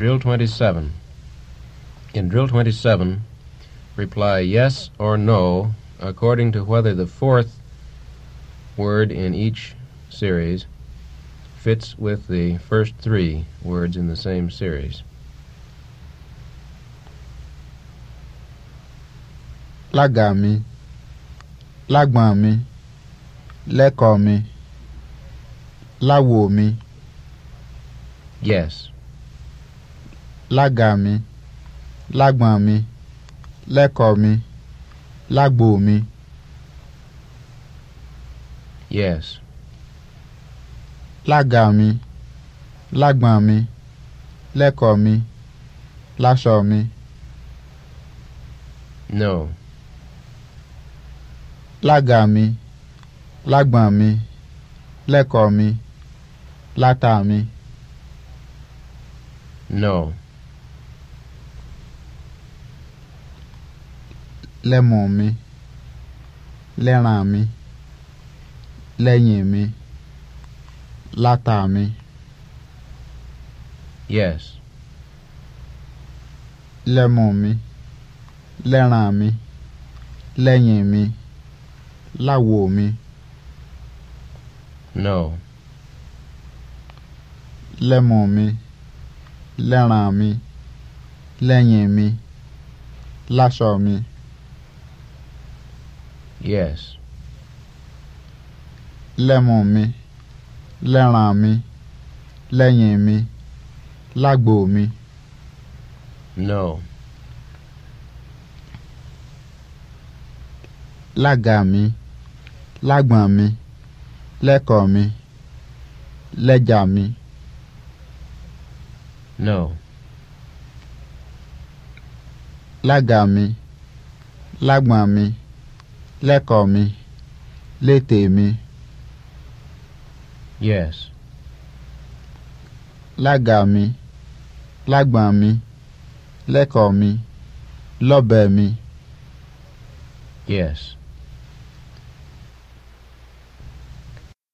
Drill 27. In drill 27, reply yes or no according to whether the fourth word in each series fits with the first three words in the same series. lága mi lágbọ̀n mi yes. lága mi lágbọ̀n mi lẹ́kọ̀ọ́ mi lágbo mi. yes. lága mi lágbọ̀n mi lẹ́kọ̀ọ́ mi láṣọ mi. no. lága mi lágbọ̀n mi lẹ́kọ̀ọ́ mi látà mi. no. lẹ́mọ̀ mi lẹ́ràn mi lẹ́yìn mi látà mi. Yes. lẹ́mọ̀ mi lẹ́ràn mi lẹ́yìn mi láwo mi. No. lẹ́mọ̀ mi lẹ́ràn mi lẹ́yìn mi láṣọ mi. No. Yes. Lẹ́mu mi, lẹ́ran mi, lẹ́yìn mi, lágbo mi. No. Lága mi, lágbọ̀n mi, lẹ́kọ̀ọ́ mi, lẹ́jà mi. No. Lága mi, lágbọ̀n mi. No lẹ́kọ̀ọ́ mi létè mi. yes. lága mi lágbọ̀n mi lẹ́kọ̀ọ́ mi lọ́bẹ̀ mi. yes.